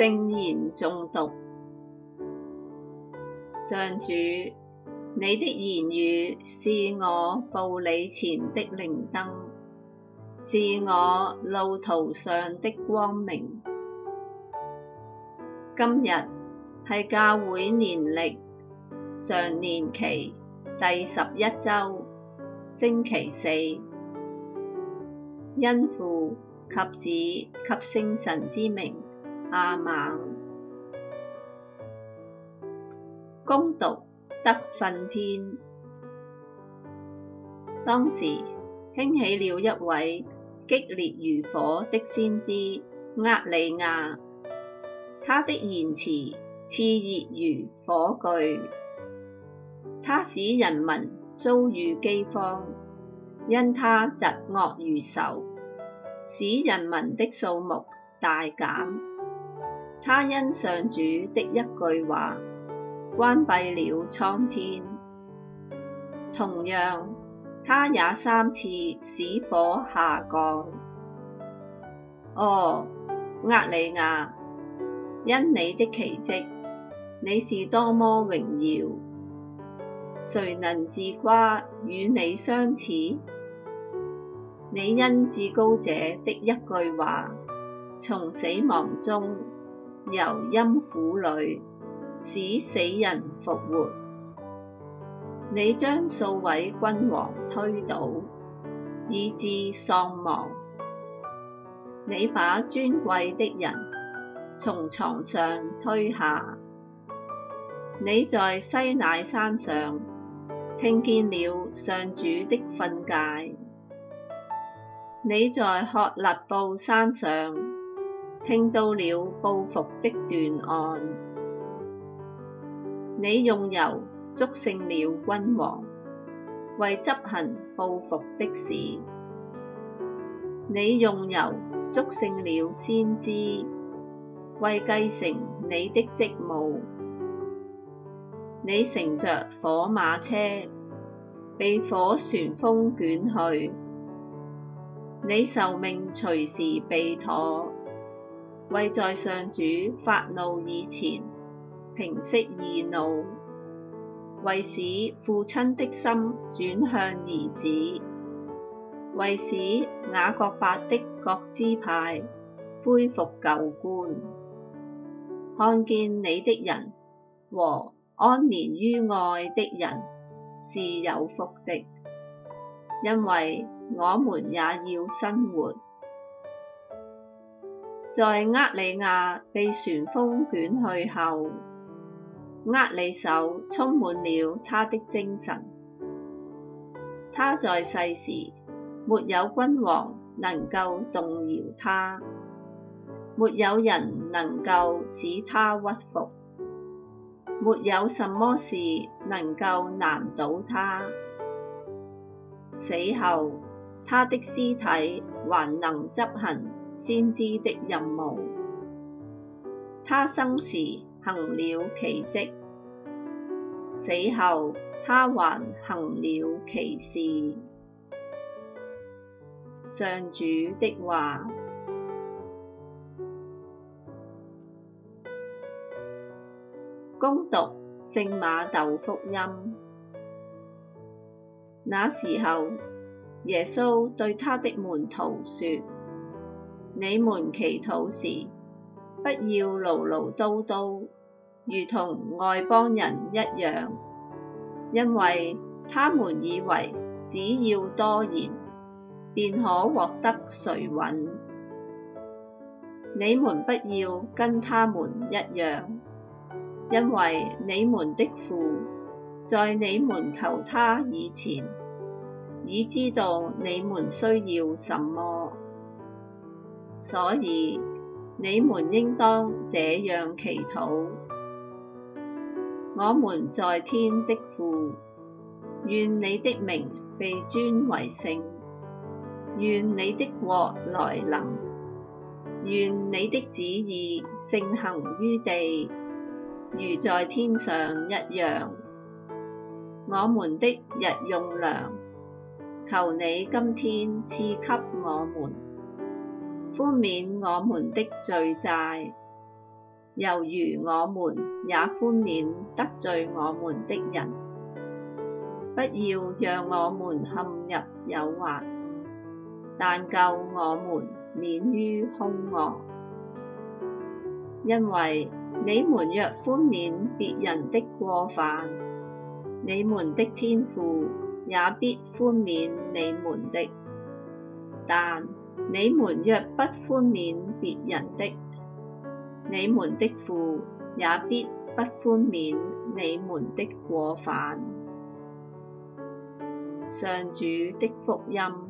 聖言誦讀，上主，你的言語是我步履前的靈燈，是我路途上的光明。今日係教會年曆常年期第十一周，星期四，因父及子及聖神之名。阿猛恭讀德訓篇，當時興起了一位激烈如火的先知厄里亞，他的言辭熾熱如火炬，他使人民遭遇饑荒，因他疾惡如仇，使人民的數目大減。他因上主的一句話，關閉了蒼天，同樣他也三次使火下降。哦，厄里亞，因你的奇蹟，你是多麼榮耀！誰能自誇與你相似？你因至高者的一句話從死亡中。由陰府裏使死人復活，你將數位君王推倒，以至喪亡，你把尊貴的人從床上推下，你在西乃山上聽見了上主的訓誡，你在曷勒布山上。聽到了報復的斷案，你用油祝聖了君王，為執行報復的事；你用油祝聖了先知，為繼承你的職務。你乘着火馬車，被火旋風捲去，你受命隨時備妥。為在上主發怒以前，平息義怒，為使父親的心轉向兒子，為使雅各伯的各支派恢復舊觀，看見你的人和安眠於愛的人是有福的，因為我們也要生活。在厄里亞被旋風捲去後，厄里叟充滿了他的精神。他在世時，沒有君王能夠動搖他，沒有人能夠使他屈服，沒有什麼事能夠難倒他。死後，他的屍體還能執行先知的任務，他生時行了奇蹟，死後他還行了奇事。上主的話，恭讀聖瑪竇福音。那時候，耶穌對他的門徒說。你們祈禱時，不要嘮嘮叨叨，如同外邦人一樣，因為他們以為只要多言，便可獲得垂允。你們不要跟他們一樣，因為你們的父，在你們求他以前，已知道你們需要什麼。所以，你們應當這樣祈禱：我們在天的父，願你的名被尊為聖，願你的國來臨，願你的旨意承行於地，如在天上一樣。我們的日用糧，求你今天賜給我們。寬免我們的罪債，猶如我們也寬免得罪我們的人。不要讓我們陷入誘惑，但救我們免於兇惡。因為你們若寬免別人的過犯，你們的天父也必寬免你們的。但你們若不寬免別人的，你們的父也必不寬免你們的過犯。上主的福音。